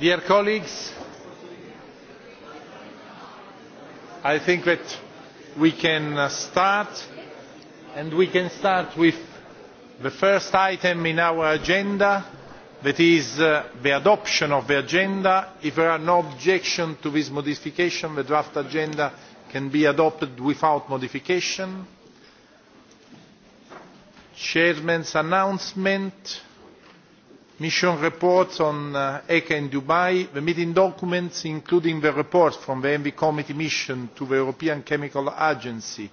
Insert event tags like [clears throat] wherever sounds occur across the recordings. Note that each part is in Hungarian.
Dear colleagues, I think that we can uh, start and we can start with the first item in our agenda that is uh, the adoption of the agenda. If there are no objections to this modification, the draft agenda can be adopted without modification. Chairman's announcement mission reports on uh, eca in dubai the meeting documents including the report from the envi committee mission to the european chemical agency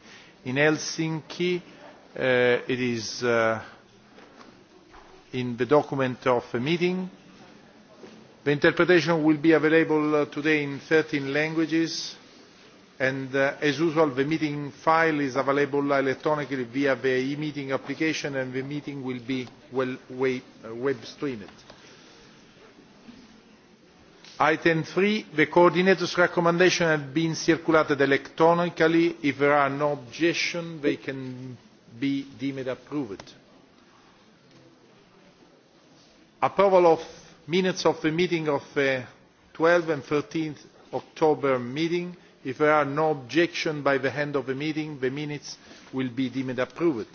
in helsinki uh, it is uh, in the document of the meeting. the interpretation will be available today in thirteen languages and uh, as usual the meeting file is available electronically via the e meeting application and the meeting will be well, uh, web, streamed. item three the coordinators' recommendations have been circulated electronically. if there are no objections they can be deemed approved. approval of minutes of the meeting of the twelve and thirteen october meeting if there are no objections by the end of the meeting the minutes will be deemed approved.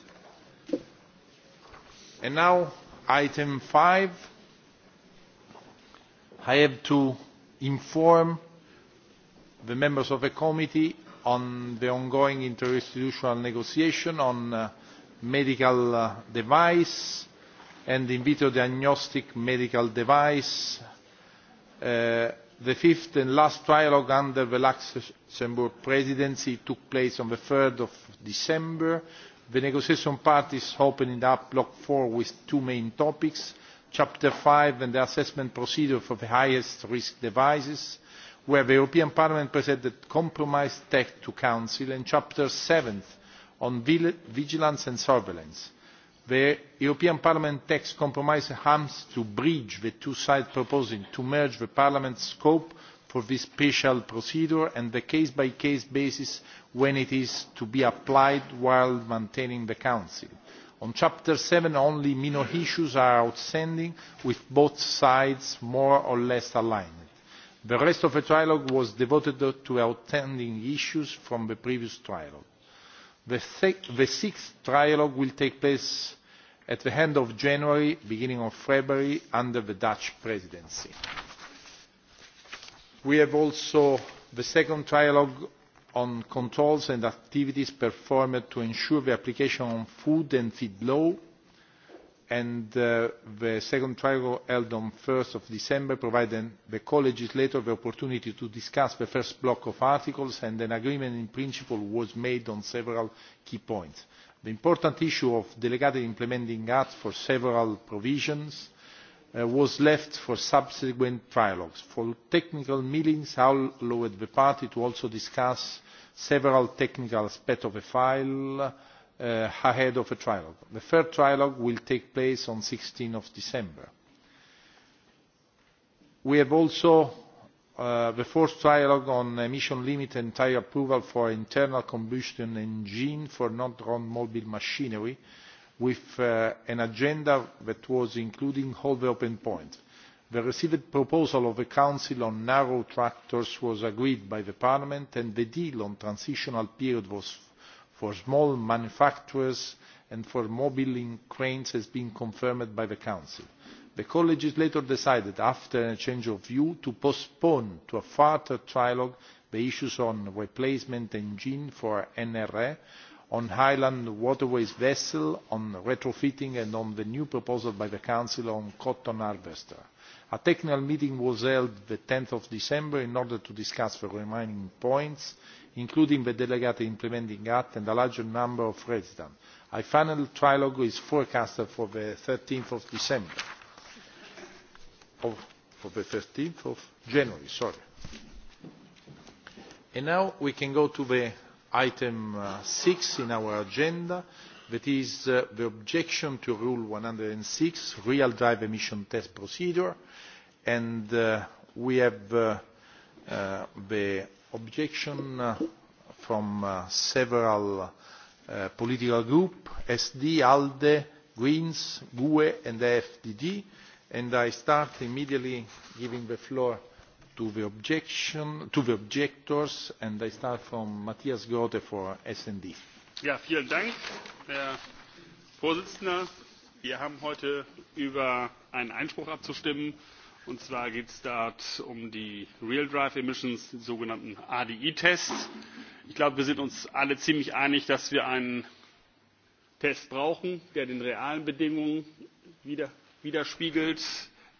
And now item five i have to inform the members of the committee on the ongoing interinstitutional negotiation on uh, medical uh, device and in vitro diagnostic medical device uh, the fifth and last trialogue under the luxembourg presidency took place on three december. the negotiation parties opened up block four with two main topics chapter five and the assessment procedure for the highest risk devices where the european parliament presented a compromise text to council and chapter seven on vigilance and surveillance the european parliament text compromise aims to bridge the two sides proposing to merge the parliament's scope for this special procedure and the case by case basis when it is to be applied while maintaining the council. on chapter seven only minor issues are outstanding with both sides more or less aligned. the rest of the trilogue was devoted to outstanding issues from the previous trilogue. the, the sixth trilogue will take place at the end of january beginning of february under the dutch presidency. we have also the second trialogue on controls and activities performed to ensure the application of food and feed law and uh, the second trialogue held on one december provided the co legislators the opportunity to discuss the first block of articles and an agreement in principle was made on several key points the important issue of delegated implementing acts for several provisions uh, was left for subsequent trialogues. for technical meetings i allowed the party to also discuss several technical aspects of the file uh, ahead of a trialogue. the third trialogue will take place on sixteen december. we have also Uh, the fourth trialogue on emission limits and tyre approval for internal combustion engines for non-mobile road machinery with uh, an agenda that was including all the open points. The received proposal of the Council on narrow tractors was agreed by the Parliament and the deal on transitional period for small manufacturers and for mobile cranes has been confirmed by the Council the co legislator decided after a change of view to postpone to a further trilogue the issues on replacement engines for nra on highland waterways vessels on retrofitting and on the new proposal by the council on cotton harvesters. a technical meeting was held on ten december in order to discuss the remaining points including the delegated implementing act and a larger number of residents. a final trilogue is forecast for thirteen december of, of 13th of January. Sorry. And now we can go to the item uh, six in our agenda, that is uh, the objection to Rule 106, real drive emission test procedure, and uh, we have uh, uh, the objection uh, from uh, several uh, political groups, SD, ALDE, Greens, GUE and FDD and i start immediately giving the floor to the objectors and i start from matthias groote for sd ja herr vorsitzender wir haben heute über einen einspruch abzustimmen und zwar geht es dort um die real drive emissions die sogenannten adi tests ich glaube wir sind uns alle ziemlich einig dass wir einen test brauchen der den realen bedingungen wieder widerspiegelt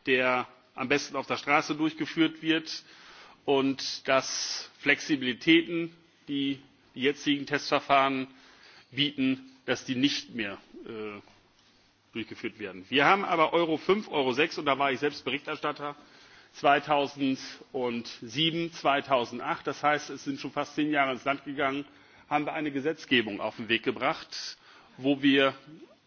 der am besten auf der straße durchgeführt wird und dass flexibilitäten die die jetzigen testverfahren bieten nicht mehr äh, durchgeführt werden. wir haben aber euro fünf euro sechs und da war ich selbst berichterstatter zweitausendsieben zweitausendacht das heißt es sind schon fast zehn jahre ins land gegangen eine gesetzgebung auf den weg gebracht wo wir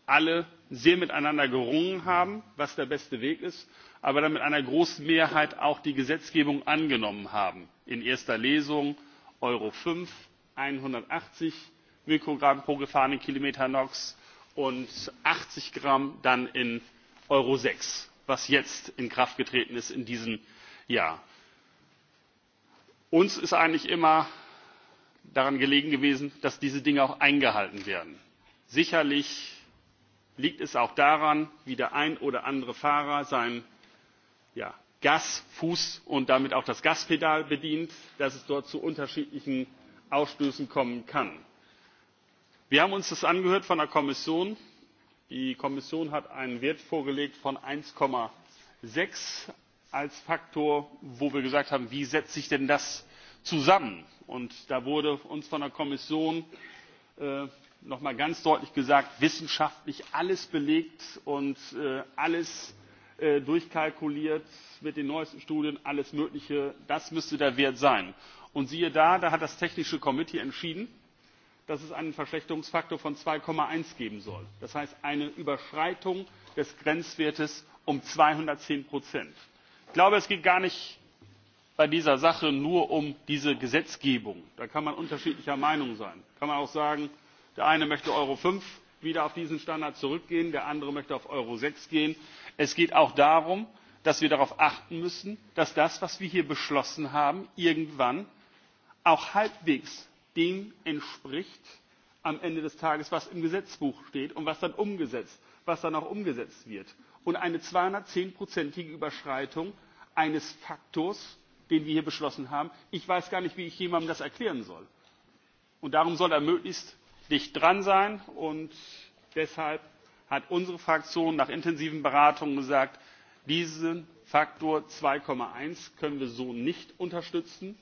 alle sehr miteinander gerungen haben was der beste weg ist aber dann mit einer großen mehrheit auch die gesetzgebung angenommen haben in erster lesung euro fünf einhundertachtzig mikrogramm pro gefahrenem kilometer nox und achtzig gramm dann in euro sechs was jetzt in kraft getreten ist in diesem jahr. uns ist eigentlich immer daran gelegen gewesen dass diese dinge auch eingehalten werden. sicherlich liegt es auch daran wie der ein oder andere fahrer seinen ja, gasfuß und damit auch das gaspedal bedient dass es dort zu unterschiedlichen ausstößen kommen kann. wir haben uns das angehört von der kommission. die kommission hat einen wert vorgelegt von eins sechs als faktor wo wir gesagt haben wie setzt sich denn das zusammen? und da wurde uns von der kommission äh, noch mal ganz deutlich gesagt wissenschaftlich alles belegt und äh, alles äh, durchkalkuliert mit den neuesten studien alles mögliche das müsste der wert sein. und siehe da da hat das technische komitee entschieden dass es einen verschlechterungsfaktor von zwei eins geben soll das heißt eine überschreitung des grenzwertes um. zweihundertzehn ich glaube es geht gar nicht bei dieser sache nur um diese gesetzgebung da kann man unterschiedlicher meinung sein da kann man auch sagen der eine möchte euro fünf wieder auf diesen standard zurückgehen der andere möchte auf euro sechs gehen. es geht auch darum dass wir darauf achten müssen dass das was wir hier beschlossen haben irgendwann auch halbwegs dem entspricht am ende des tages was im gesetzbuch steht und was dann umgesetzt was dann auch umgesetzt wird. und eine zweihundertzehn prozentige überschreitung eines faktors den wir hier beschlossen haben ich weiß gar nicht wie ich jemandem das erklären soll. und darum soll er möglichst dicht dran sein und deshalb hat unsere fraktion nach intensiven beratungen gesagt diesen faktor zwei eins können wir so nicht unterstützen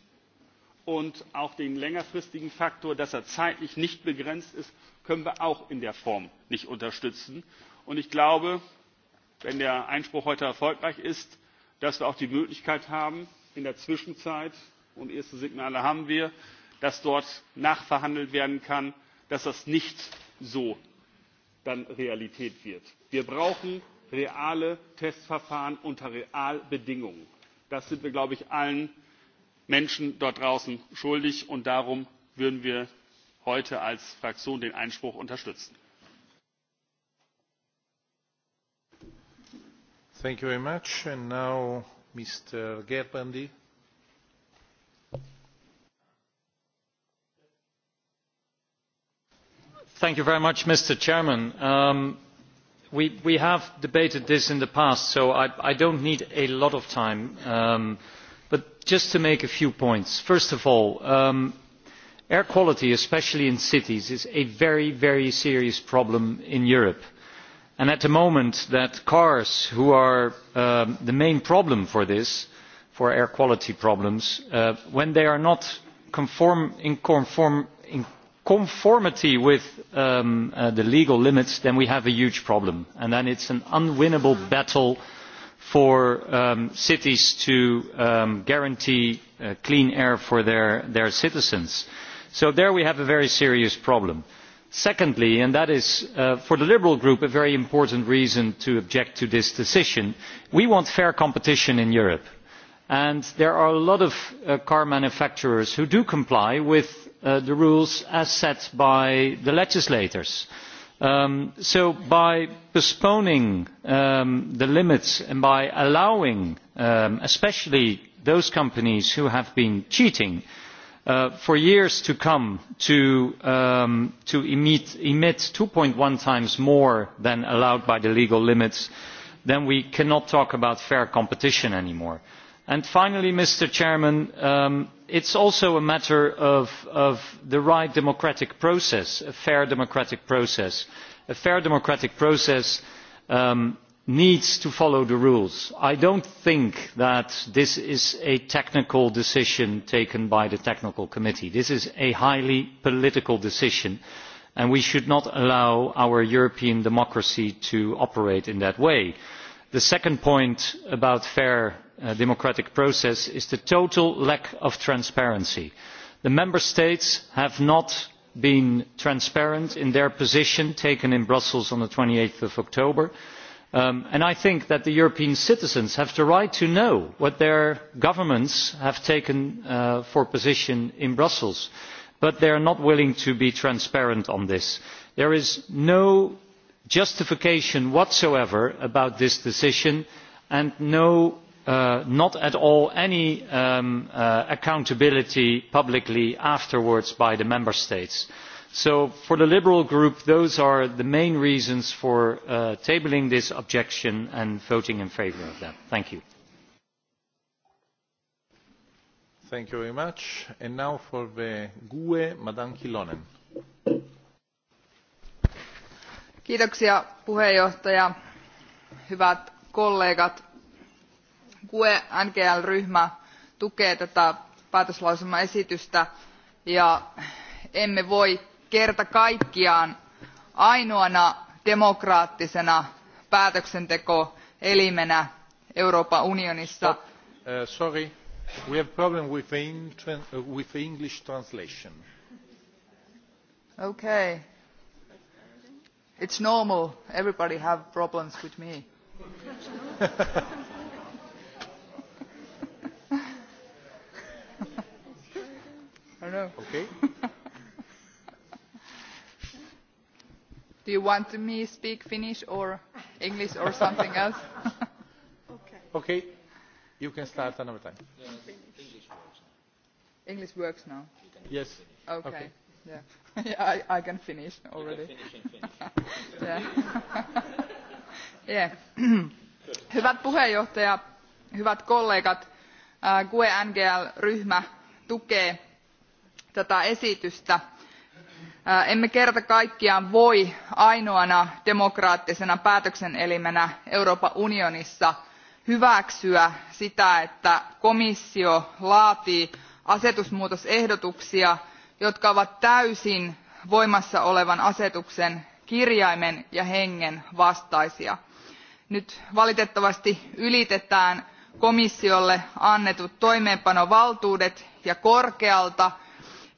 und auch den längerfristigen faktor dass er zeitlich nicht begrenzt ist können wir auch in der form nicht unterstützen. Und ich glaube wenn der einspruch heute erfolgreich ist dass wir auch die möglichkeit haben in der zwischenzeit und erste signale haben wir dass dort nachverhandelt werden kann dass das nicht so dann realität wird. wir brauchen reale testverfahren unter realbedingungen. das sind wir glaube ich allen menschen dort draußen schuldig und darum würden wir heute als fraktion den einspruch unterstützen. Thank you very much. And now Mr. Gerbrandy mr president um, we, have debated this in the past so i, do not need a lot of time um, but just to make a few points. first of all um, air quality especially in cities is a very very serious problem in europe and at the moment cars which are the main problem for this for air quality problems uh, when they are not in, conform, in conformity with um, uh, the legal limits then we have a huge problem and then it is an unwinnable battle for um, cities to um, guarantee uh, clean air for their, citizens. so there we have a very serious problem. secondly and that is uh, for the liberal group a very important reason to object to this decision we want fair competition in europe and there are a lot of car manufacturers who do comply with Uh, the rules as set by the legislators. Um, so by postponing um, the limits and by allowing um, especially those companies who have been cheating uh, for years to come to, emit, emit two one times more than allowed by the legal limits then we cannot talk about fair competition any more finally um, it is also a matter of, the right democratic process a fair democratic process. a fair democratic process um, needs to follow the rules. i do not think that this is a technical decision taken by the technical committee. this is a highly political decision and we should not allow our european democracy to operate in that way. the second point about fair Uh, democratic process is the total lack of transparency. the member states have not been transparent in their position taken in brussels on twenty eight october um, and i think that the european citizens have the right to know what their governments have taken uh, for position in brussels but they are not willing to be transparent on this. there is no justification whatsoever about this decision and no Uh, not at all any um, uh, accountability publicly afterwards by the member states. so for the liberal group those are the main reasons for uh, tabling this objection and voting in favour of that. thank you. thank you very much. and now for the gue madam kilonen. hyvät kollegat gue ngl ryhmä tukee tätä päätöslauselmaesitystä ja emme voi kerta kaikkiaan ainoana demokraattisena päätöksentekoelimenä euroopan unionissa oh, uh, Sorry, we have problem with uh, English translation. Okay. It's normal. Everybody have problems with me. [laughs] [laughs] Do you want me to speak Finnish or English or something else? [laughs] okay. Okay. You can start another time. English works. English works now. Yes. Okay. okay. Yeah. [laughs] yeah, I, I can finish already. finish yeah. yeah. [clears throat] Hyvät puheenjohtaja, hyvät kollegat, GUE-NGL-ryhmä tukee tätä esitystä. emme kerta kaikkiaan voi ainoana demokraattisena päätöksenelimenä euroopan unionissa hyväksyä sitä että komissio laatii asetusmuutosehdotuksia jotka ovat täysin voimassa olevan asetuksen kirjaimen ja hengen vastaisia. nyt valitettavasti ylitetään komissiolle annetut toimeenpanovaltuudet ja korkealta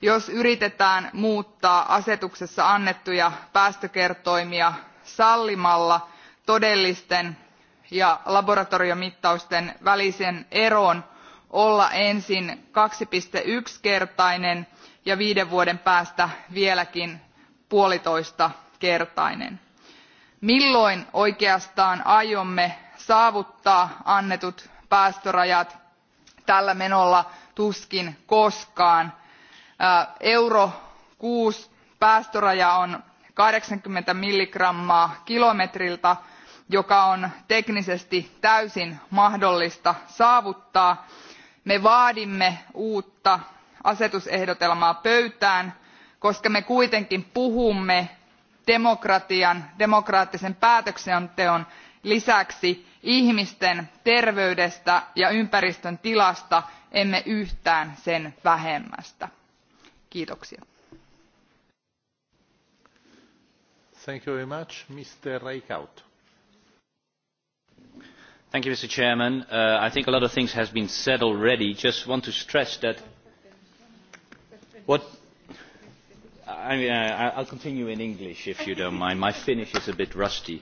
jos yritetään muuttaa asetuksessa annettuja päästökertoimia sallimalla todellisten ja laboratoriomittausten välisen eron olla ensin kaksi yksi kertainen ja viiden vuoden päästä vieläkin puolitoista kertainen. milloin oikeastaan aiomme saavuttaa annetut päästörajat? tällä menolla tuskin koskaan euro kuusi päästöraja on kahdeksankymmentä milligrammaa kilometriltä joka on teknisesti täysin mahdollista saavuttaa. me vaadimme uutta asetusehdotelmaa pöytään koska me kuitenkin puhumme demokratian demokraattisen päätöksenteon lisäksi ihmisten terveydestä ja ympäristön tilasta emme yhtään sen vähemmästä. Kiitoksia. Thank you very much. Mr. Reichaut. Thank you, Mr. Chairman. Uh, I think a lot of things have been said already. Just want to stress that what I mean, uh, I'll continue in English if you don't mind. My Finnish is a bit rusty.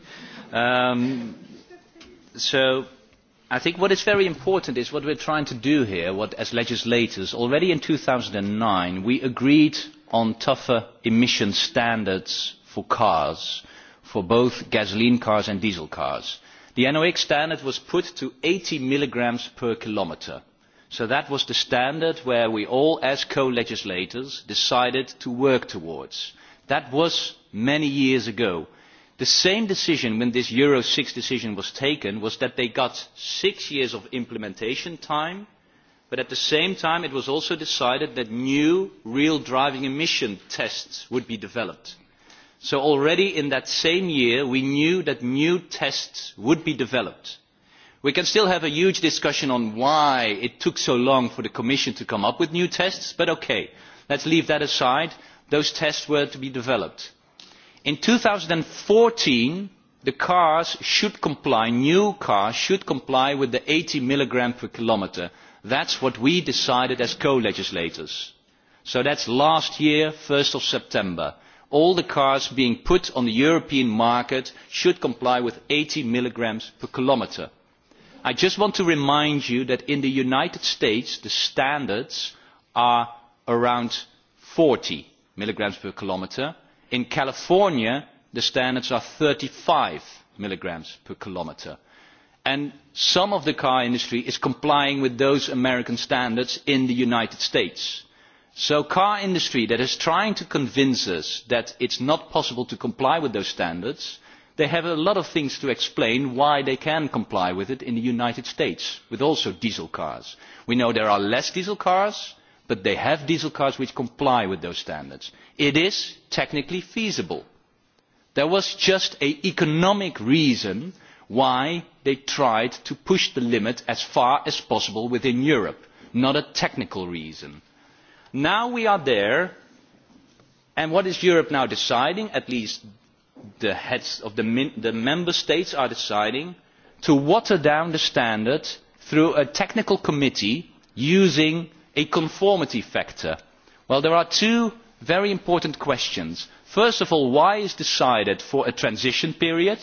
Um, so i think what is very important is what we are trying to do here what, as legislators already in two thousand and nine we agreed on tougher emission standards for cars for both gasoline cars and diesel cars. the nox standard was put to eighty milligrams per kilometre so that was the standard where we all as co legislators decided to work towards. that was many years ago the same decision when this euro six decision was taken was that they got six years of implementation time but at the same time it was also decided that new real driving emission tests would be developed. so already in that same year we knew that new tests would be developed. we can still have a huge discussion on why it took so long for the commission to come up with new tests but ok let us leave that aside those tests were to be developed in two thousand and fourteen the cars should comply new cars should comply with the eighty mg per kilometre that is what we decided as co legislators so that is last year one september all the cars being put on the european market should comply with eighty mg per kilometre. i just want to remind you that in the united states the standards are around forty mg per kilometre in california the standards are thirty five milligrams per kilometre and some of the car industry is complying with those american standards in the united states. so the car industry that is trying to convince us that it is not possible to comply with those standards they have a lot of things to explain why they can comply with it in the united states with also diesel cars. we know there are less diesel cars but they have diesel cars which comply with those standards. it is technically feasible. there was just an economic reason why they tried to push the limit as far as possible within europe not a technical reason. now we are there and what is europe now deciding at least the heads of the, the member states are deciding to water down the standards through a technical committee using a conformity factor? well there are two very important questions. first of all why is decided for a transition period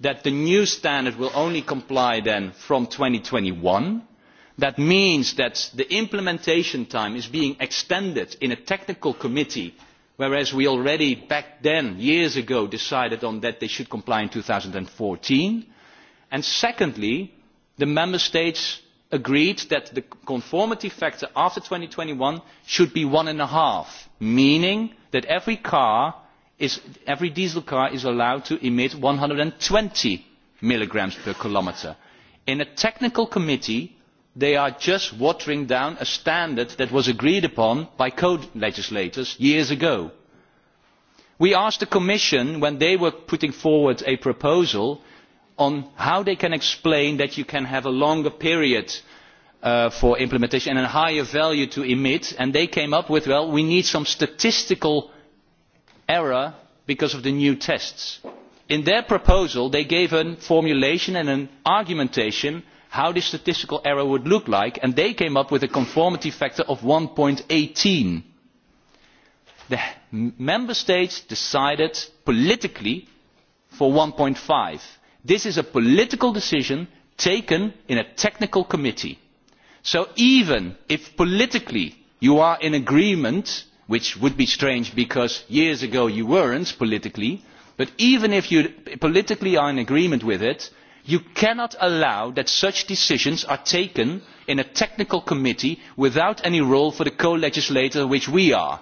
that the new standard will only comply then from? two thousand and twenty one that means that the implementation time is being extended in a technical committee whereas we already back then years ago decided that they should comply in. two thousand and fourteen and secondly the member states agreed that the conformity factor after two thousand and twenty one should be one and a half meaning that every diesel car is allowed to emit one hundred and twenty milligrams per kilometre. in a technical committee they are just watering down a standard that was agreed upon by co legislators years ago. we asked the commission when they were putting forward a proposal on how they can explain that you can have a longer period uh, for implementation and a higher value to emit and they came up with well we need some statistical error because of the new tests. in their proposal they gave a formulation and an argumentation how the statistical error would look like and they came up with a conformity factor of. one eighteen the member states decided politically for. one five this is a political decision taken in a technical committee so even if politically you are in agreement which would be strange because years ago you were not politically but even if you politically are in agreement with it you cannot allow such decisions to be taken in a technical committee without any role for the co legislator which we are.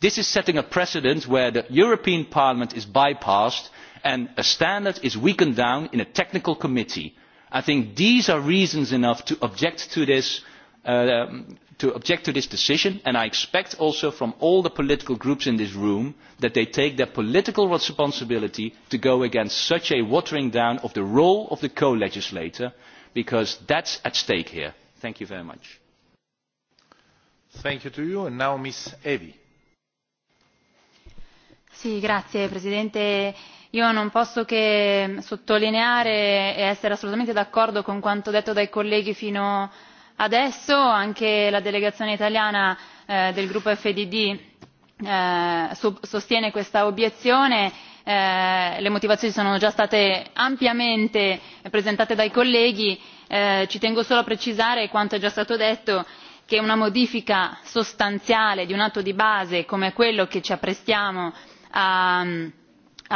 this is setting a precedent where the european parliament is bypassed and a standard is weakened down in a technical committee. i think these are reasons enough um, to object to this, decision and i expect also from all the political groups in this room that they take their political responsibility to go against such a watering down of the role of the co legislator because that is at stake here. thank you very much io non posso che sottolineare e essere assolutamente d'accordo con quanto detto dai colleghi fino adesso anche la delegazione italiana eh, del gruppo efdd eh, sostiene questa obiezione eh, le motivazioni sono già state ampiamente presentate dai colleghi ci tengo solo a precisare quanto è già stato detto che una modifica sostanziale di un atto di base come quello che ci apprestiamo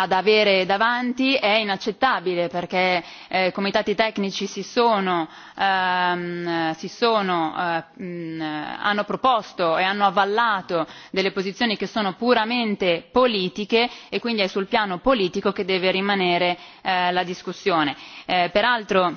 ad avere davanti è inaccettabile perché i eh, comitati tecnici ehm, eh, hanno proposto e hanno avallato delle posizioni che sono puramente politiche e quindi è sul piano politico che deve rimanere eh, la discussione. peraltro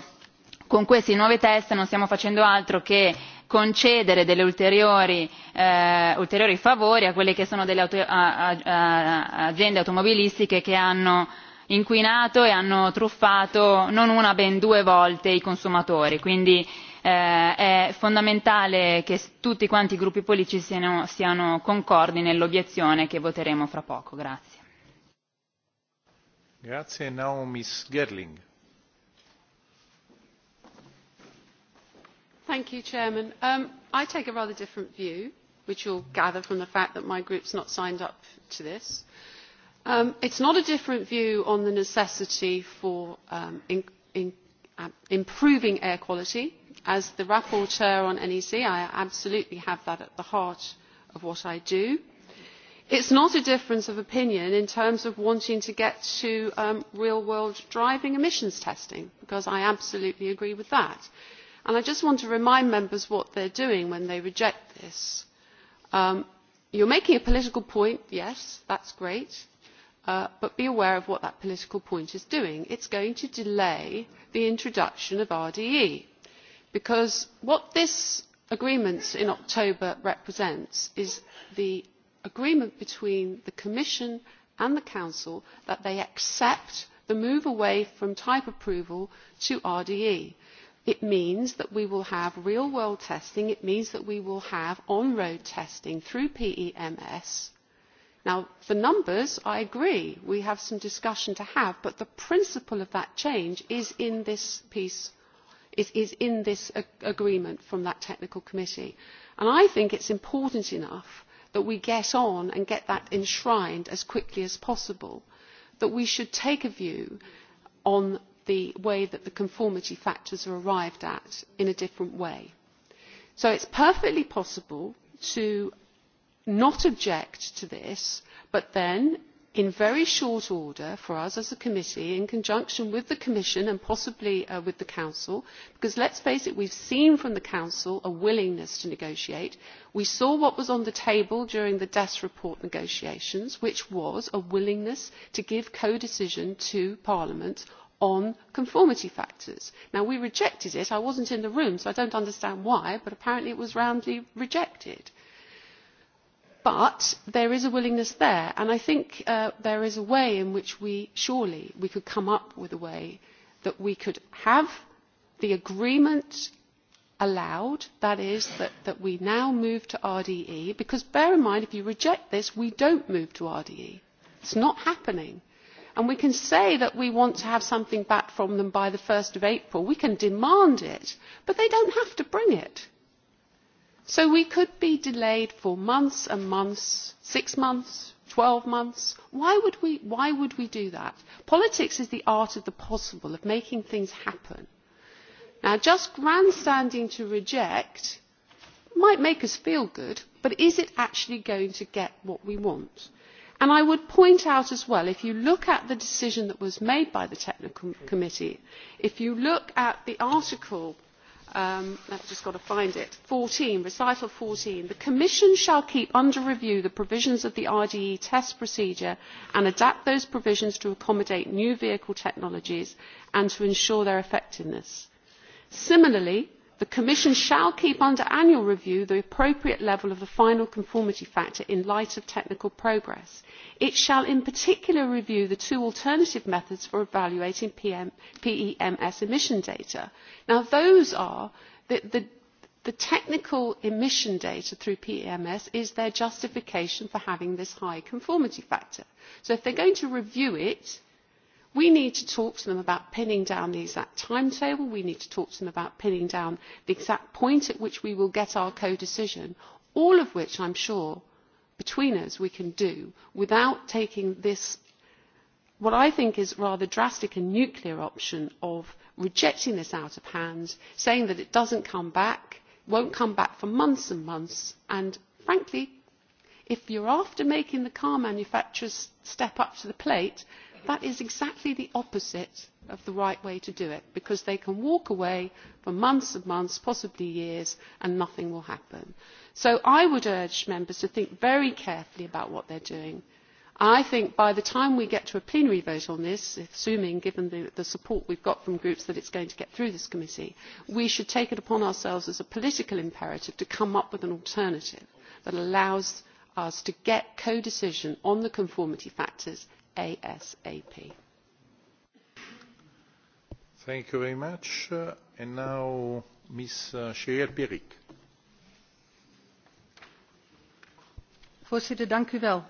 con questi nuovi test non stiamo facendo altro che concedere degli ulteriori, eh, ulteriori favori a quelle che sono delle auto, a, a, a, aziende automobilistiche che hanno inquinato e hanno truffato non una ben due volte i consumatori quindi eh, è fondamentale che tutti quanti i gruppi politici siano, siano concordi nell'obiezione che voteremo fra poco. Grazie. Grazie, now, mr president um, I take a rather different view, which you will gather from the fact that my group has not signed up to this. Um, it is not a different view on the necessity for um, improving air quality. As the rapporteur on NEC, I absolutely have that at the heart of what I do. it is not a difference of opinion in terms of wanting to get to real-world driving emissions testing, because I absolutely agree with that And I just want to remind members what they are doing when they reject this. Um, you are making a political point, yes, that is great, uh, but be aware of what that political point is doing. it is going to delay the introduction of RDE, because what this agreement in October represents is the agreement between the Commission and the Council that they accept the move away from type approval to RDE It means that we will have real world testing. It means that we will have on road testing through PEMS. Now, the numbers, I agree, we have some discussion to have, but the principle of that change is in this piece, is, in this agreement from that technical committee. And I think it's important enough that we get on and get that enshrined as quickly as possible, that we should take a view on the way that the conformity factors are arrived at in a different way. so it is perfectly possible to not object to this but then in very short order for us as a committee in conjunction with the commission and possibly uh, with the council because let us face it we have seen from the council a willingness to negotiate we saw what was on the table during the dess report negotiations which was a willingness to give codecision to parliament on conformity factors. Now, we rejected it. I was not in the room, so I do not understand why, but apparently it was roundly rejected. But there is a willingness there, and I think uh, there is a way in which we surely could come up with a way that we could have the agreement allowed, that is, that, we now move to RDE, because bear in mind, if you reject this, we do not move to RDE. it is not happening and we can say that we want to have something back from them by one April. We can demand it, but they do not have to bring it. So we could be delayed for months and months, six months, twelve months. Why would, we, why would we do that? Politics is the art of the possible, of making things happen. Now, just grandstanding to reject might make us feel good, but is it actually going to get what we want? i would point out as well if you look at the decision that was made by the technical committee if you look at the article um, fourteen recital fourteen the commission shall keep under review the provisions of the rde test procedure and adapt those provisions to accommodate new vehicle technologies and to ensure their effectiveness similarly the commission shall keep under annual review the appropriate level of the final conformity factor in light of technical progress. it shall in particular review the two alternative methods for evaluating PM, pems emission data. now those are the, the technical emission data through pems is their justification for having this high conformity factor. so if they are going to review it we need to talk to them about pinning down the exact timetable we need to talk to them about pinning down the exact point at which we will get our codecision all of which i am sure between us we can do without taking this what i think is rather drastic and nuclear option of rejecting this out of hand saying that it does not come back will not come back for months and months and frankly if you are after making the car manufacturers step up to the plate That is exactly the opposite of the right way to do it because they can walk away for months and months, possibly years, and nothing will happen. So I would urge members to think very carefully about what they are doing. I think by the time we get to a plenary vote on this, assuming given the, support we have got from groups that it is going to get through this committee, we should take it upon ourselves as a political imperative to come up with an alternative that allows us to get codecision on the conformity factors ASAP. Thank you very much. Uh, and now Ms. Uh, scheer Pirik. Voorzitter, dank u wel.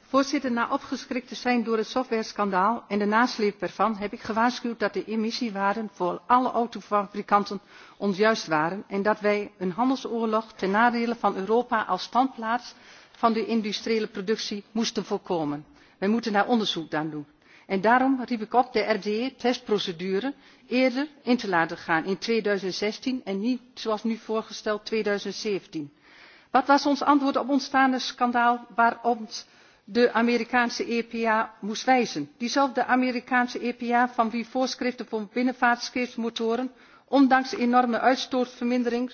Voorzitter, na opgeschrikt te zijn door het softwareskandaal en de nasleep ervan heb ik gewaarschuwd dat de emissiewaarden voor alle autofabrikanten onjuist waren en dat wij een handelsoorlog ten nadele van europa als standplaats van de industriële productie moesten voorkomen wij moeten daar onderzoek naar doen en daarom riep ik op de rde testprocedure eerder in te laten gaan in tweeduizendzestien en niet zoals nu voorgesteld. tweeduizendzeventien wat was ons antwoord op het ontstane schandaal waarop de amerikaanse epa moest wijzen diezelfde amerikaanse epa van wie voorschriften voor binnenvaartscheepsmotoren ondanks enorme uitstootvermindering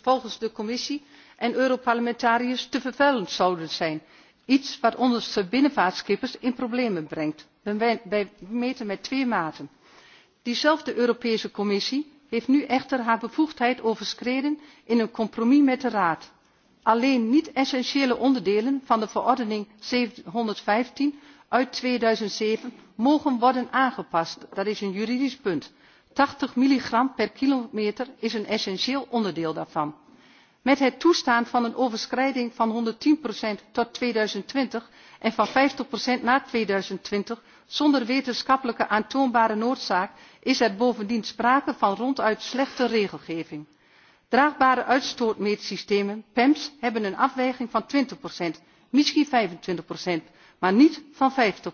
volgens de commissie en europarlementariërs te vervuilend zouden zijn iets wat onze binnenvaartscheppers in de problemen brengt. wij meten met twee maten. diezelfde europese commissie heeft nu echter haar bevoegdheid overschreden in een compromis met de raad. alleen niet essentiële onderdelen van de verordening zevenhonderdvijftien uit tweeduizendzeven mogen worden aangepast dat is een juridisch punt. tachtig milligram per kilometer is een essentieel onderdeel daarvan met het toestaan van een overschrijding van honderdtien tot tweeduizendtwintig en van vijftig na tweeduizendtwintig zonder wetenschappelijk aantoonbare oorzaak is er bovendien sprake van ronduit slechte regelgeving. draagbare uitstootmeetsystemen pems hebben een afwijking van twintig misschien vijfentwintig maar niet van. vijftig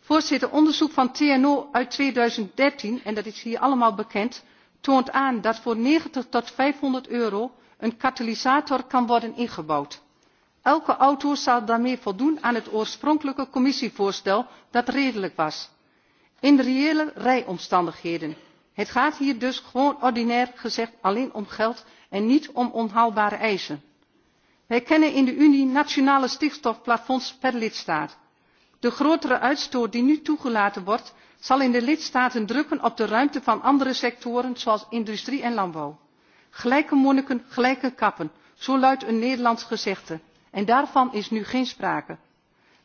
voorzitter onderzoek van tno uit tweeduizenddertien en dat is hier allemaal bekend toont aan dat voor negentig tot vijfhonderd euro een katalysator kan worden ingebouwd. elke auto zal daarmee voldoen aan het oorspronkelijke commissievoorstel dat redelijk was in reële rijomstandigheden. het gaat hier dus gewoon ordinair gezegd alleen om geld en niet om onhaalbare eisen. wij kennen in de unie nationale stikstofplafonds per lidstaat. de grotere uitstoot die nu toegelaten zal in de lidstaten drukken op de ruimte van andere sectoren zoals industrie en landbouw. gelijke monniken gelijke kappen zo luidt een nederlands gezegde en daarvan is nu geen sprake.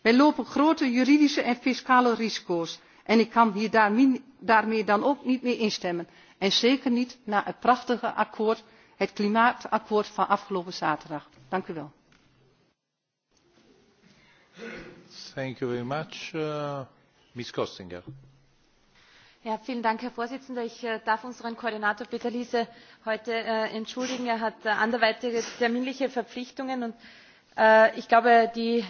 wij lopen grote juridische en fiscale risico's en ik kan daarmee dan ook niet mee instemmen en zeker niet na het prachtige akkoord het klimaatakkoord van afgelopen zaterdag. dank u wel herr präsident! ich äh, darf unseren koordinator peter liese heute äh, entschuldigen er hat äh, anderweitige terminliche verpflichtungen ich glaube die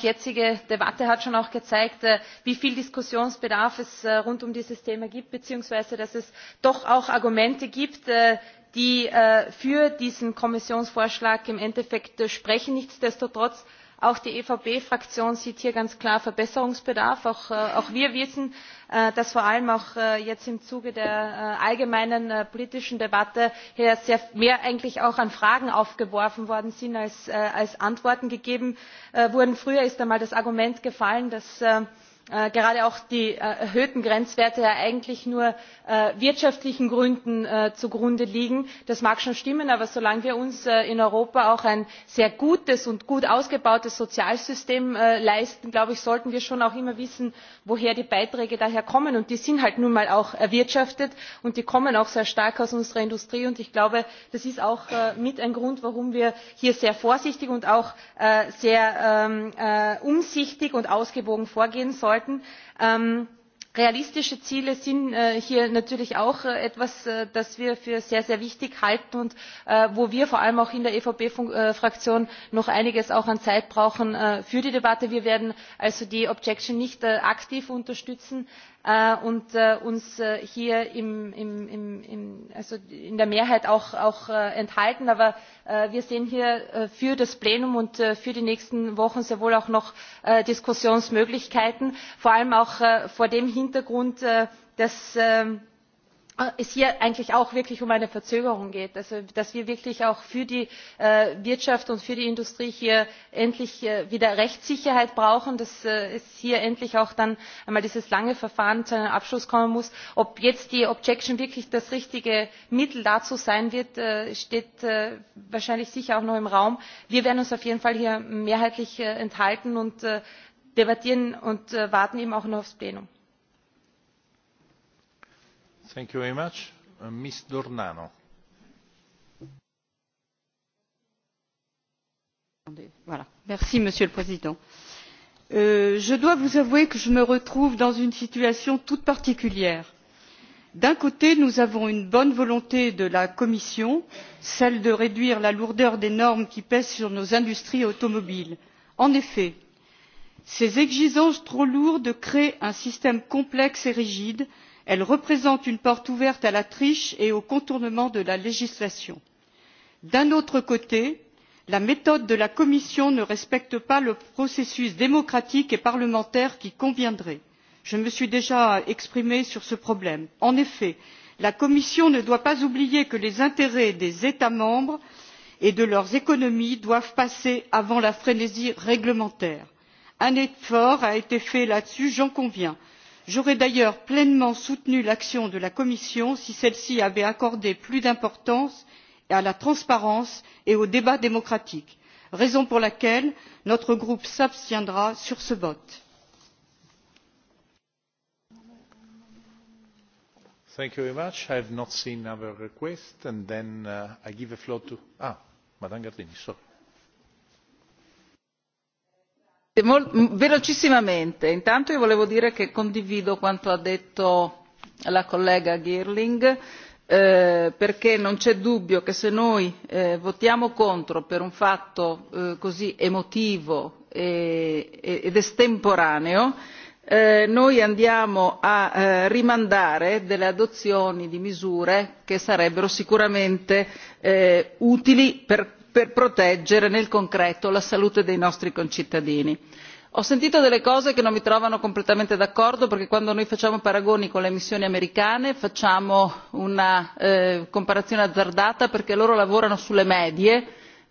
jetzige debatte hat schon auch gezeigt wie viel diskussionsbedarf es rund um dieses thema gibt beziehungsweise dass es doch auch argumente gibt die für diesen kommissionsvorschlag im endeffekt sprechen. nichtsdestotrotz auch die evp fraktion sieht hier ganz klar verbesserungsbedarf. auch, äh, wir wissen äh, dass vor allem auch äh, jetzt im zuge der allgemeinen politischen debatte mehr eigentlich auch an fragen aufgeworfen worden sind als antworten gegeben wurden. früher ist einmal das argument gefallen dass Äh, gerade auch die äh, erhöhten grenzwerte ja eigentlich nur äh, wirtschaftlichen gründen zugrunde liegen das mag schon stimmen aber solange wir uns in europa auch ein sehr gutes und gut ausgebautes sozialsystem leisten sollten wir schon auch immer wissen woher die beiträge kommen und die sind halt nun mal auch erwirtschaftet und die kommen auch sehr stark aus unserer industrie und ich glaube das ist auch mit ein grund warum wir hier sehr vorsichtig und auch sehr ähm, umsichtig und ausgewogen vorgehen halten. Ähm, realistische ziele sind äh, hier natürlich auch äh, etwas äh, das wir für sehr sehr wichtig halten und wo wir vor allem auch in der evp fraktion noch einiges an zeit brauchen für die debatte. wir werden also die objection nicht aktiv unterstützen Äh, und äh, uns äh, hier in der mehrheit auch enthalten. aber wir sehen hier für das plenum und für die nächsten wochen sehr wohl auch noch diskussionsmöglichkeiten vor allem auch vor dem hintergrund dass ähm, Ah, es hier eigentlich auch wirklich um eine verzögerung geht also dass wir wirklich auch für die äh, wirtschaft und für die industrie hier endlich äh, wieder rechtssicherheit brauchen dass äh, es hier endlich auch dann einmal dieses lange verfahren zu einem abschluss kommen muss. ob jetzt die objection wirklich das richtige mittel dazu sein wird steht wahrscheinlich sicher auch noch im raum. wir werden uns auf jeden fall hier mehrheitlich enthalten und debattieren und warten eben auch noch aufs plenum. Thank you very much. Uh, Miss Dornano. Voilà. Monsieur le Président. Euh, je dois vous avouer que je me retrouve dans une situation toute particulière d'un côté nous avons une bonne volonté de la commission celle de réduire la lourdeur des normes qui pèsent sur nos industries automobiles. en effet ces exigences trop lourdes créent un système complexe et rigide qui de et les elle représente une porte ouverte à la triche et au contournement de la législation. d'un autre côté la méthode de la commission ne respecte pas le processus démocratique et parlementaire qui conviendrait. je me suis déjà exprimée sur ce problème. en effet la commission ne doit pas oublier que les intérêts des états membres et de leurs économies doivent passer avant la frénésie réglementaire. un effort a été fait là dessus j'en conviens j'aurais d'ailleurs pleinement soutenu l'action de la commission si celle ci avait accordé plus d'importance à la transparence et au débat démocratique raison pour laquelle notre groupe s'abstiendra sur ce vote. velocissimamente intanto io volevo dire che condivido quanto ha detto la collega girling eh, perché non c'è dubbio che se noi eh, votiamo contro per un fatto eh, così emotivo e, e, ed estemporaneo noi andiamo a rimandare delle adozioni di misure che sarebbero sicuramente utili per per proteggere nel concreto la salute dei nostri concittadini. ho sentito delle cose che non mi trovano completamente d'accordo perché quando noi facciamo paragoni con le missioni americane facciamo una eh, comparazione azzardata perché loro lavorano sulle medie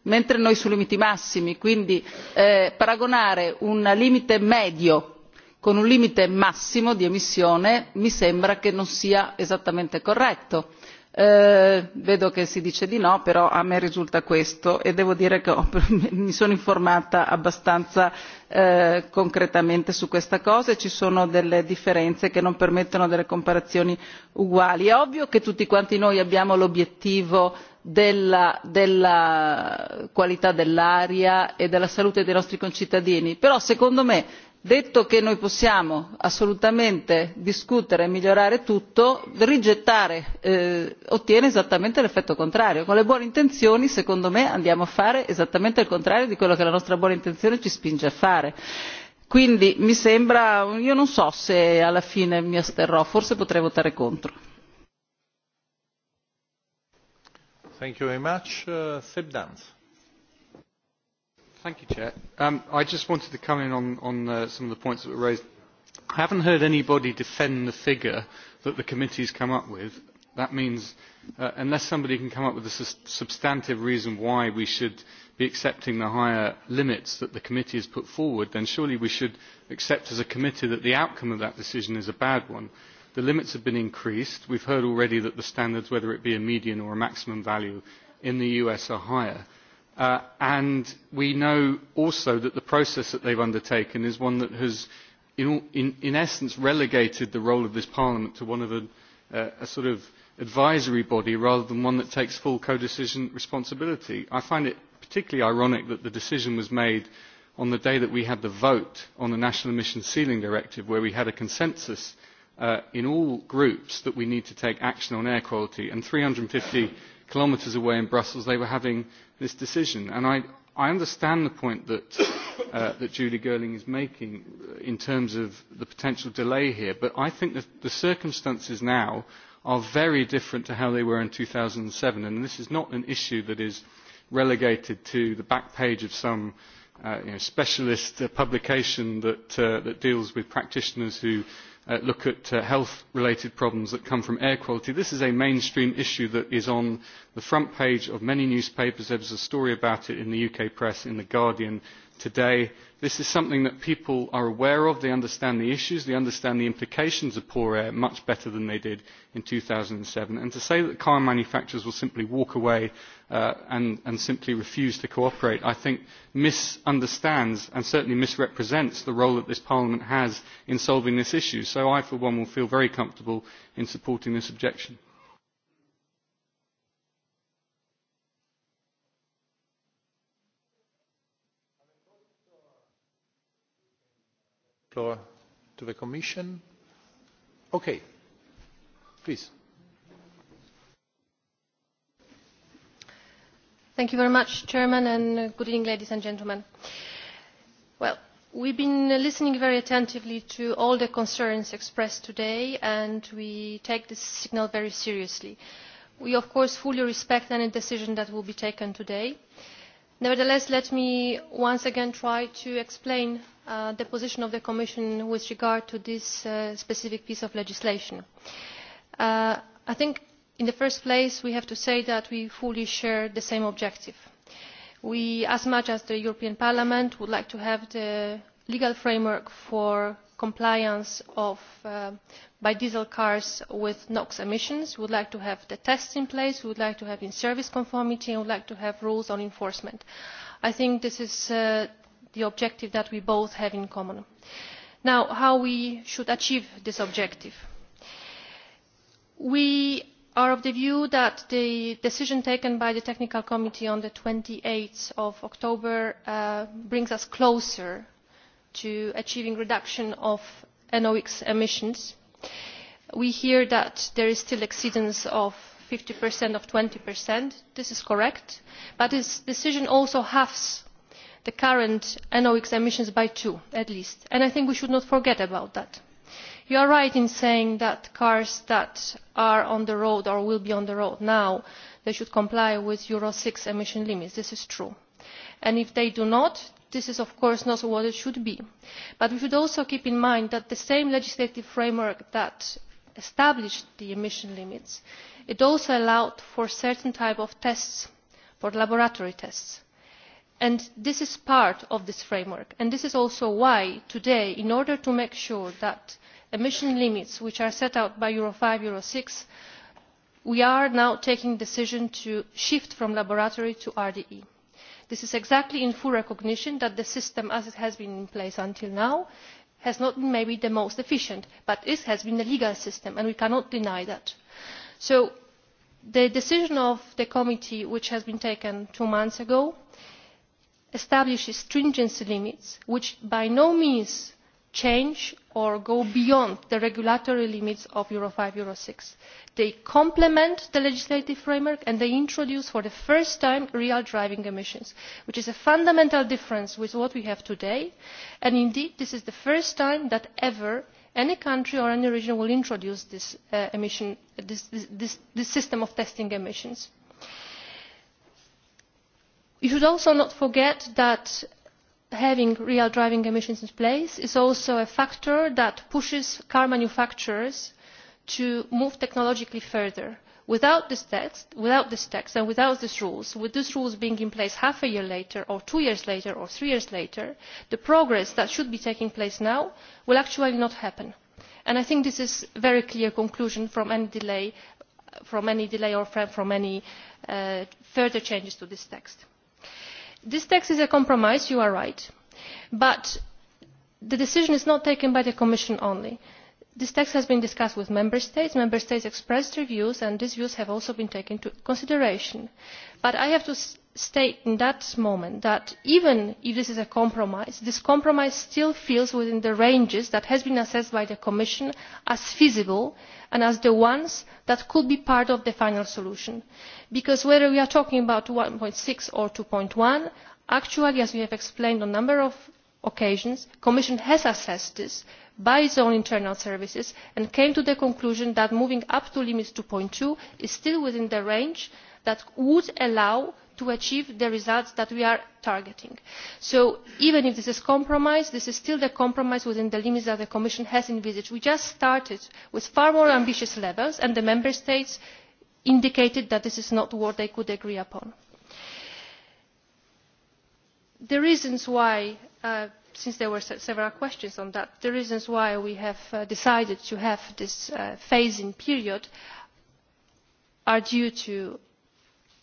mentre noi sui limiti massimi quindi eh, paragonare un limite medio con un limite massimo di emissione mi sembra che non sia esattamente corretto. Eh, vedo che si dice di no però a me risulta questo e devo dire che [laughs] mi sono informata abbastanza eh, concretamente su questa cosa e ci sono delle differenze che non permettono delle comparazioni uguali. è ovvio che tutti quanti noi abbiamo l'obiettivo della qualità dell'aria e della salute dei nostri concittadini però secondo me detto che noi possiamo assolutamente discutere e migliorare tutto rigettare eh, ottiene esattamente l'effetto contrario con le buone intenzioni secondo me andiamo a fare esattamente il contrario di quello che la nostra buona intenzione ci spinge a fare quindi mi sembra io non so se alla fine mi asterrò forse potrei votare contro. Thank you, um, I just wanted to come in on, uh, some of the points that were raised. I have not heard anybody defend the figure that the committee has come up with. That means uh, unless somebody can come up with a substantive reason why we should be accepting the higher limits that the committee has put forward, then surely we should accept as a committee that the outcome of that decision is a bad one. The limits have been increased. we have heard already that the standards, whether it be a median or a maximum value, in the US are higher Uh, and we know also that the process that they have undertaken is one that has in, essence relegated the role of this parliament to one of uh, a, sort of advisory body rather than one that takes full codecision responsibility. i find it particularly ironic that the decision was made on the day that we had the vote on the national emissions ceiling directive where we had a consensus uh, Uh, in all groups that we need to take action on air quality. And 350 kilometres away in Brussels, they were having this decision. And I, understand the point that, [coughs] uh, Julie girling is making uh, in terms of the potential delay here, but I think that the circumstances now are very different to how they were in 2007. And this is not an issue that is relegated to the back page of some specialist publication that deals with practitioners who Uh, look at uh, health related problems that come from air quality. this is a mainstream issue that is on the front page of many newspapers. there was a story about it in the uk press in the guardian today this is something that people are aware of they understand the issues they understand the implications of poor air much better than they did in two thousand and seven to say that car manufacturers will simply walk away uh, and simply refuse to cooperate i think misunderstands and certainly misrepresents the role that this parliament has in solving this issue so i for one will feel very comfortable in supporting this objection. floor to the commission? okay please. thank you very much chairman and good evening ladies and gentlemen. well we've been listening very attentively to all the concerns expressed today and we take this signal very seriously. we of course fully respect any decision that will be taken today. Uh, nevertheless let me once again try to explain uh, the position of the commission with regard to this uh, specific piece of legislation. Uh, i think in the first place we have to say that we fully share the same objective. we as much as the european parliament would like to have the legal framework for compliance of uh, biodiesel cars with NOx emissions. We would like to have the tests in place, we would like to have in-service conformity, and we would like to have rules on enforcement. I think this is uh, the objective that we both have in common. Now, how we should achieve this objective. We are of the view that the decision taken by the technical committee on twenty eight october uh, brings us closer to achieving a reduction of NOx emissions. We hear that there is still an exceedance of fifty of twenty This is correct. But this decision also halves the current NOx emissions by two, at least. And I think we should not forget about that. You are right in saying that cars that are on the road or will be on the road now, should comply with Euro six emission limits. This is true. And if they do not, this is of course not what it should be but we should also keep in mind that the same legislative framework that established the emission limits also allowed for certain types of tests for laboratory tests and this is part of this framework and this is also why today in order to make sure that emission limits which are set out by euro five and euro six we are now taking the decision to shift from laboratory to rde this is exactly in full recognition that the system as it has been in place until now has not been maybe the most efficient but it has been a legal system and we cannot deny that. so the decision of the committee which was taken two months ago establishes stringency limits which by no means change or go beyond the regulatory limits of euro five and euro six they complement the legislative framework and they introduce for the first time real driving emissions which is a fundamental difference with what we have today and indeed this is the first time that ever any country or any region will introduce this, uh, this system of testing emissions. you should also not forget that having real driving emissions in place is also a factor that pushes car manufacturers to move technologically further. without this text, without this text and without these rules with these rules being in place half a year later or two years later or three years later the progress that should be taking place now will actually not happen. And i think this is a very clear conclusion from any delay, from any delay or from any uh, further changes to this text this text is a compromise you are right but the decision is not taken by the commission alone this text has been discussed with member states member states expressed their views and these views have also been taken into consideration but i have to state at that moment that even if this is a compromise this compromise still falls within the ranges that have been assessed by the commission as feasible and as the ones that could be part of the final solution because whether we are talking about one six or two one actually as we have explained on a number of occasions the commission has assessed this by its own internal services and came to the conclusion that moving up to limits. two two is still within the range that would allow to achieve the results that we are targeting. so even if this is a compromise this is still a compromise within the limits that the commission has envisaged. we just started with far more ambitious levels and the member states indicated that this is not what they could agree upon. the reasons why uh, since there were several questions on that the reasons why we have uh, decided to have this uh, phase in period are due to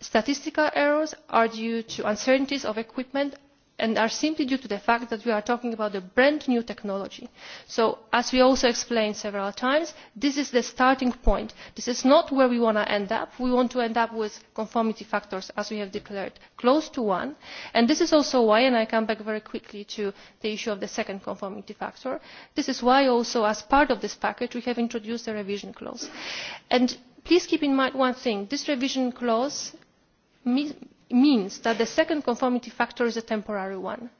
statistical errors are due to uncertainties of equipment and are simply due to the fact that we are talking about a brand new technology. so as we also explained several times this is the starting point. this is not where we want to end up. we want to end up with conformity factors as we have declared close to one and this is also why and i come back very quickly to the issue of the second conformity factor this is why also as part of this package we have introduced a revision clause. please keep in mind one thing this revision clause means that the second conformity factor is a temporary one.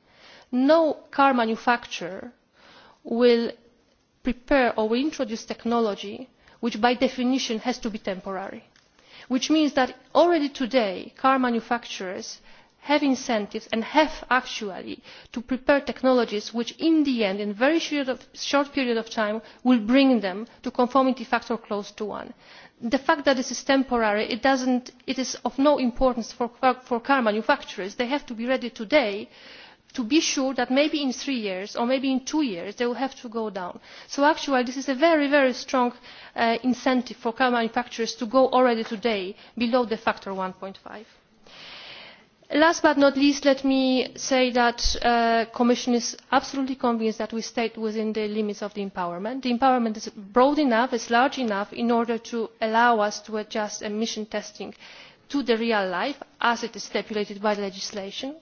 no car manufacturer will prepare or will introduce technology which by definition has to be temporary which means that already today car manufacturers have incentives and have actually to prepare technologies which in the end in a very short period of time will bring them to conformity factor close to one. the fact that this is temporary is of no importance for car manufacturers. they have to be ready today to be sure that maybe in three years or maybe in two years they will have to go down. so actually this is a very very strong uh, incentive for car manufacturers to go already today below the factor. one five last but not least let me say that the uh, commission is absolutely convinced that we stayed within the limits of the empowerment. the empowerment is broad enough and large enough in order to allow us to adjust emission testing to real life as is stipulated by the legislation.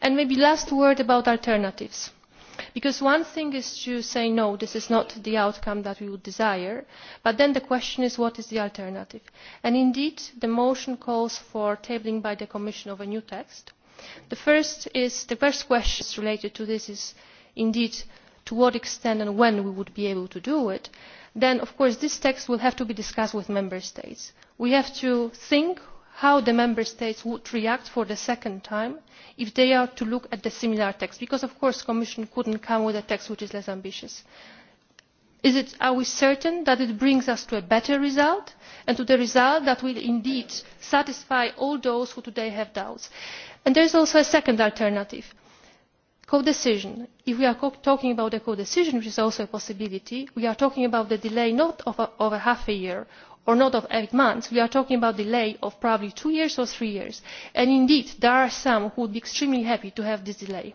and maybe a last word about alternatives because one thing is to say no this is not the outcome that we would desire but then the question is what is the alternative? and indeed the motion calls for the tabling by the commission of a new text. the first question related to this is indeed to what extent and when we would be able to do it then of course this text will have to be discussed with member states. we have to think how the member states would react for the second time if they are to look at a similar text because of course the commission could not come with a text which is less ambitious. are we certain that it brings us to a better result and to the result that will indeed satisfy all those who today have doubts? there is also a second alternative codecision. if we are talking about codecision which is also a possibility we are talking about a delay not of, half a year or not of eight months we are talking about a delay of probably two years or three years and indeed there are some who would be extremely happy to have this delay.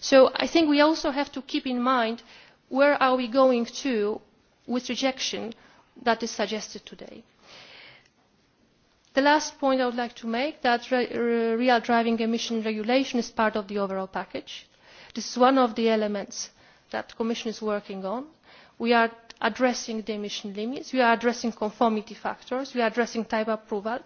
so i think we also have to keep in mind where we are going to with the rejection that is suggested today. the last point i would like to make is that the real driving emission regulation is part of the overall package. this is one of the elements that the commission is working on. we are addressing the emission limits we are addressing conformity factors we are addressing type approval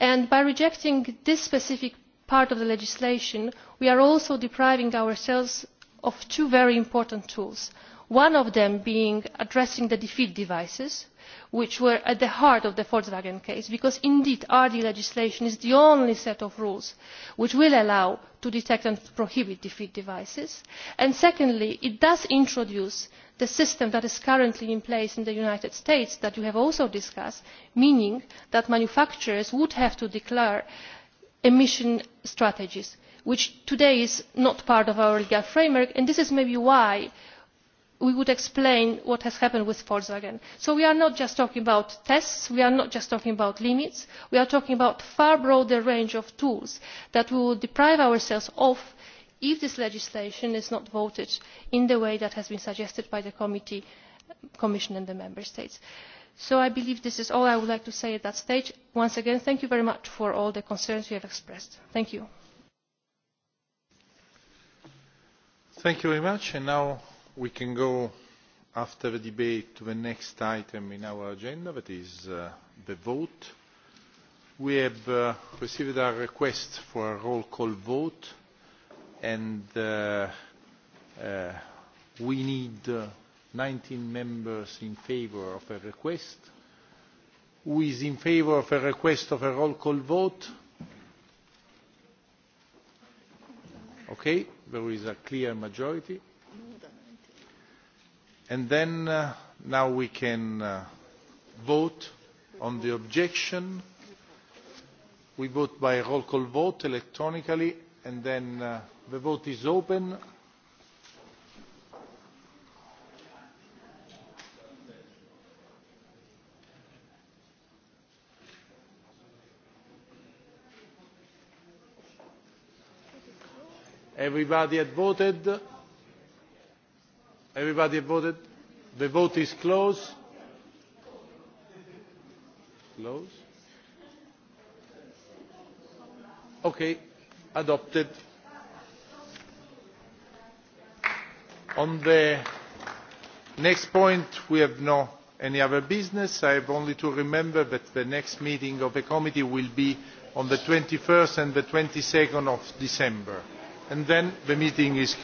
and by rejecting this specific part of the legislation we are also depriving ourselves of two very important tools one of them being addressing the defeat devices which were at the heart of the volkswagen case because indeed rd legislation is the only set of rules which will allow to detect and prohibit defeat devices and secondly it does introduce the system that is currently in place in the united states which you have also discussed meaning that manufacturers would have to declare emission strategies which today is not part of our legal framework and this is maybe why we would explain what has happened with volkswagen. so we are not just talking about tests we are not just talking about limits we are talking about a far broader range of tools that we will deprive ourselves if this legislation is not voted in the way that has been suggested by the committee, the commission and the member states. so i believe this is all i would like to say at this stage. once again thank you very much for all the concerns you have expressed. thank you. thank you very much and now we can go after the debate to the next item in our agenda that is uh, the vote. we have uh, received a request for a roll call vote and uh, uh, we need uh, 19 members in favour of a request. Who is in favour of a request of a roll call vote? Okay, there is a clear majority. And then uh, now we can uh, vote on the objection. We vote by roll call vote electronically and then uh, the vote is open. everybody had voted everybody had voted the vote is closed close okay adopted on the next point we have no any other business. i have only to remember that the next meeting of the committee will be on twenty one and twenty two december and then the meeting is.